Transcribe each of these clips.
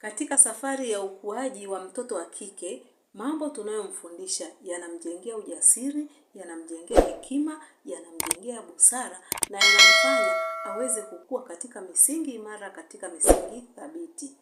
Katika safari ya ukuaji wa mtoto wa kike, mambo tunayomfundisha yanamjengea ujasiri, yanamjengea hekima, yanamjengea busara na yanamfanya aweze kukua katika misingi imara, katika misingi thabiti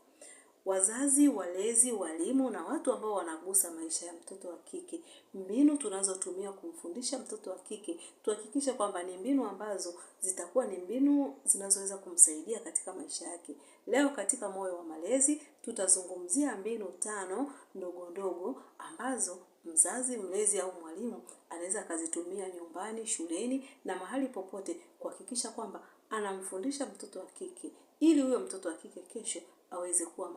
wazazi, walezi, walimu na watu ambao wanagusa maisha ya mtoto wa kike, mbinu tunazotumia kumfundisha mtoto wa kike tuhakikishe kwamba ni mbinu ambazo zitakuwa ni mbinu zinazoweza kumsaidia katika maisha yake. Leo katika Moyo wa Malezi tutazungumzia mbinu tano ndogo ndogo ambazo mzazi, mlezi au mwalimu anaweza akazitumia nyumbani, shuleni na mahali popote kuhakikisha kwamba anamfundisha mtoto wa kike ili huyo mtoto wa kike kesho aweze kuwa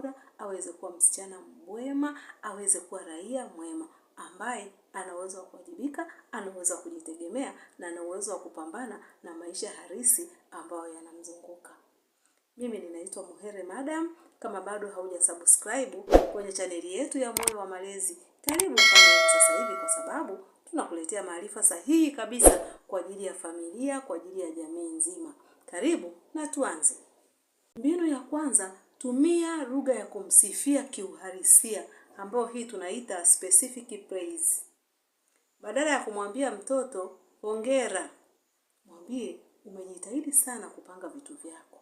bora, aweze kuwa msichana mwema, aweze kuwa raia mwema ambaye ana uwezo wa kuwajibika, ana uwezo wa kujitegemea na ana uwezo wa kupambana na maisha harisi ambayo yanamzunguka. Mimi ninaitwa Muhere Madam. Kama bado hauja subscribe kwenye chaneli yetu ya Moyo wa Malezi, karibu fanya sasa hivi, kwa sababu tunakuletea maarifa sahihi kabisa kwa ajili ya familia, kwa ajili ya jamii nzima. Karibu na tuanze. Mbinu ya kwanza Tumia lugha ya kumsifia kiuharisia ambayo hii tunaita specific praise. Badala ya kumwambia mtoto hongera, mwambie umejitahidi sana kupanga vitu vyako,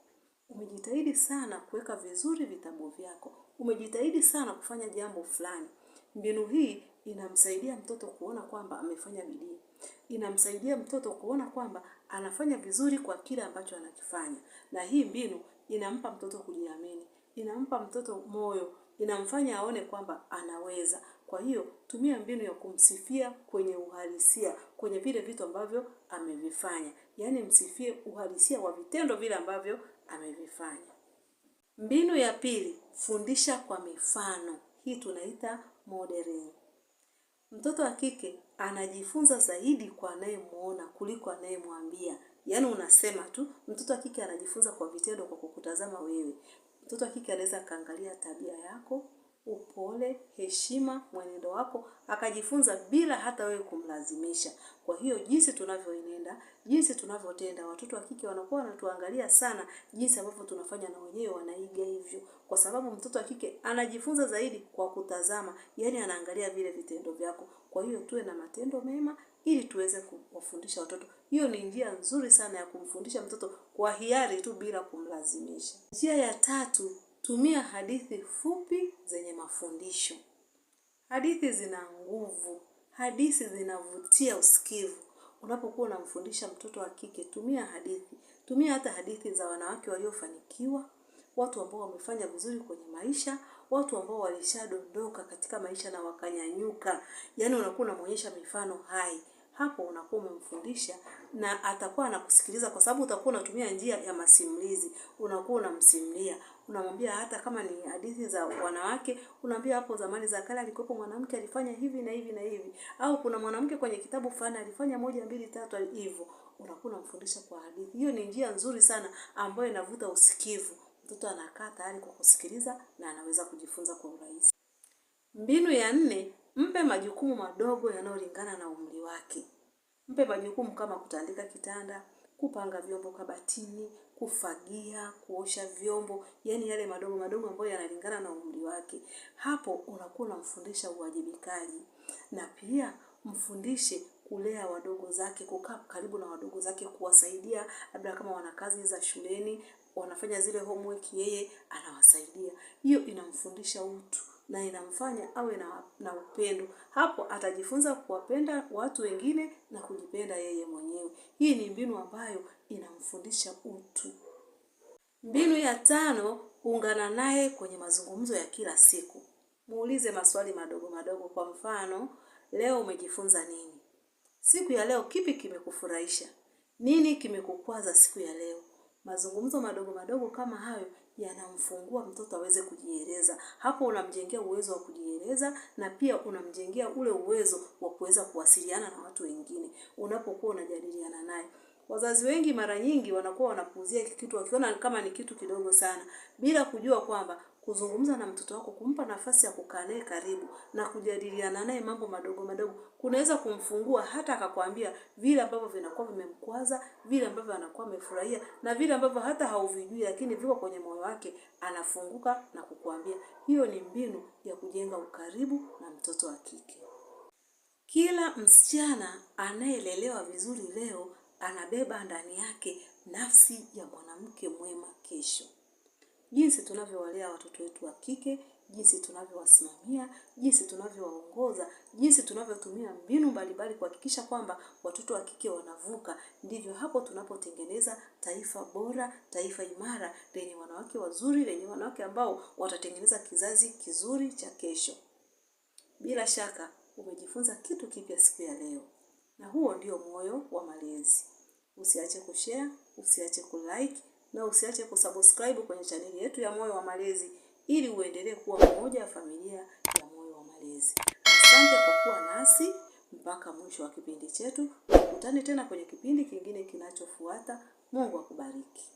umejitahidi sana kuweka vizuri vitabu vyako, umejitahidi sana kufanya jambo fulani. Mbinu hii inamsaidia mtoto kuona kwamba amefanya bidii, inamsaidia mtoto kuona kwamba anafanya vizuri kwa kile ambacho anakifanya, na hii mbinu inampa mtoto kujiamini, inampa mtoto moyo, inamfanya aone kwamba anaweza. Kwa hiyo tumia mbinu ya kumsifia kwenye uhalisia, kwenye vile vitu ambavyo amevifanya, yaani msifie uhalisia wa vitendo vile ambavyo amevifanya. Mbinu ya pili, fundisha kwa mifano. Hii tunaita modeling. Mtoto wa kike anajifunza zaidi kwa anayemwona kuliko anayemwambia. Yaani unasema tu, mtoto wa kike anajifunza kwa vitendo, kwa kukutazama wewe. Mtoto wa kike anaweza akaangalia tabia yako, upole, heshima, mwenendo wako, akajifunza bila hata wewe kumlazimisha. Kwa hiyo jinsi tunavyoenenda, jinsi tunavyotenda, watoto wa kike wanakuwa wanatuangalia sana jinsi ambavyo tunafanya, na wenyewe wanaiga hivyo, kwa sababu mtoto wa kike anajifunza zaidi kwa kutazama, yani anaangalia vile vitendo vyako. Kwa hiyo tuwe na matendo mema, ili tuweze kuwafundisha watoto. Hiyo ni njia nzuri sana ya kumfundisha mtoto kwa hiari tu bila kumlazimisha. Njia ya tatu, tumia hadithi fupi zenye mafundisho. Hadithi zina nguvu, hadithi zinavutia usikivu. Unapokuwa unamfundisha mtoto wa kike, tumia hadithi. Tumia hata hadithi za wanawake waliofanikiwa, watu ambao wamefanya vizuri kwenye maisha, watu ambao walishadondoka katika maisha na wakanyanyuka. Yaani unakuwa unamwonyesha mifano hai hapo unakuwa umemfundisha na atakuwa anakusikiliza, kwa sababu utakuwa unatumia njia ya masimulizi, unakuwa unamsimulia, unamwambia hata kama ni hadithi za wanawake, unamwambia hapo zamani za kale alikuwepo mwanamke alifanya hivi na hivi na hivi, au kuna mwanamke kwenye kitabu fulani alifanya moja mbili tatu hivyo, unakuwa unamfundisha kwa hadithi. Hiyo ni njia nzuri sana ambayo inavuta usikivu, mtoto anakaa tayari kwa kusikiliza na anaweza kujifunza kwa urahisi. Mbinu ya nne Mpe majukumu madogo yanayolingana na umri wake. Mpe majukumu kama kutandika kitanda, kupanga vyombo kabatini, kufagia, kuosha vyombo, yani yale madogo madogo ambayo yanalingana na umri wake. Hapo unakuwa unamfundisha uwajibikaji, na pia mfundishe kulea wadogo zake, kukaa karibu na wadogo zake, kuwasaidia, labda kama wana kazi za shuleni, wanafanya zile homework, yeye anawasaidia. Hiyo inamfundisha utu na inamfanya awe na, na upendo. Hapo atajifunza kuwapenda watu wengine na kujipenda yeye mwenyewe. Hii ni mbinu ambayo inamfundisha utu. Mbinu ya tano, ungana naye kwenye mazungumzo ya kila siku. Muulize maswali madogo madogo. Kwa mfano, leo umejifunza nini? Siku ya leo kipi kimekufurahisha? Nini kimekukwaza siku ya leo? Mazungumzo madogo madogo kama hayo yanamfungua mtoto aweze kujieleza. Hapo unamjengea uwezo wa kujieleza na pia unamjengea ule uwezo wa kuweza kuwasiliana na watu wengine unapokuwa unajadiliana naye. Wazazi wengi mara nyingi wanakuwa wanapuuzia hiki kitu, wakiona kama ni kitu kidogo sana, bila kujua kwamba kuzungumza na mtoto wako, kumpa nafasi ya kukaa naye karibu na kujadiliana naye mambo madogo madogo, kunaweza kumfungua hata akakwambia vile ambavyo vinakuwa vimemkwaza, vile ambavyo anakuwa amefurahia na vile ambavyo hata hauvijui, lakini viko kwenye moyo wake, anafunguka na kukuambia. Hiyo ni mbinu ya kujenga ukaribu na mtoto wa kike. Kila msichana anayelelewa vizuri leo anabeba ndani yake nafsi ya mwanamke mwema kesho. Jinsi tunavyowalea watoto wetu wa kike, jinsi tunavyowasimamia, jinsi tunavyowaongoza, jinsi tunavyotumia mbinu mbalimbali kuhakikisha kwamba watoto wa kike wanavuka, ndivyo hapo tunapotengeneza taifa bora, taifa imara lenye wanawake wazuri, lenye wanawake ambao watatengeneza kizazi kizuri cha kesho. Bila shaka umejifunza kitu kipya siku ya leo. Na huo ndio moyo wa malezi. Usiache kushare, usiache kulike na usiache kusubscribe kwenye chaneli yetu ya Moyo wa Malezi ili uendelee kuwa mmoja wa familia ya Moyo wa Malezi. Asante kwa kuwa nasi mpaka mwisho wa kipindi chetu. Tukutane tena kwenye kipindi kingine kinachofuata. Mungu akubariki.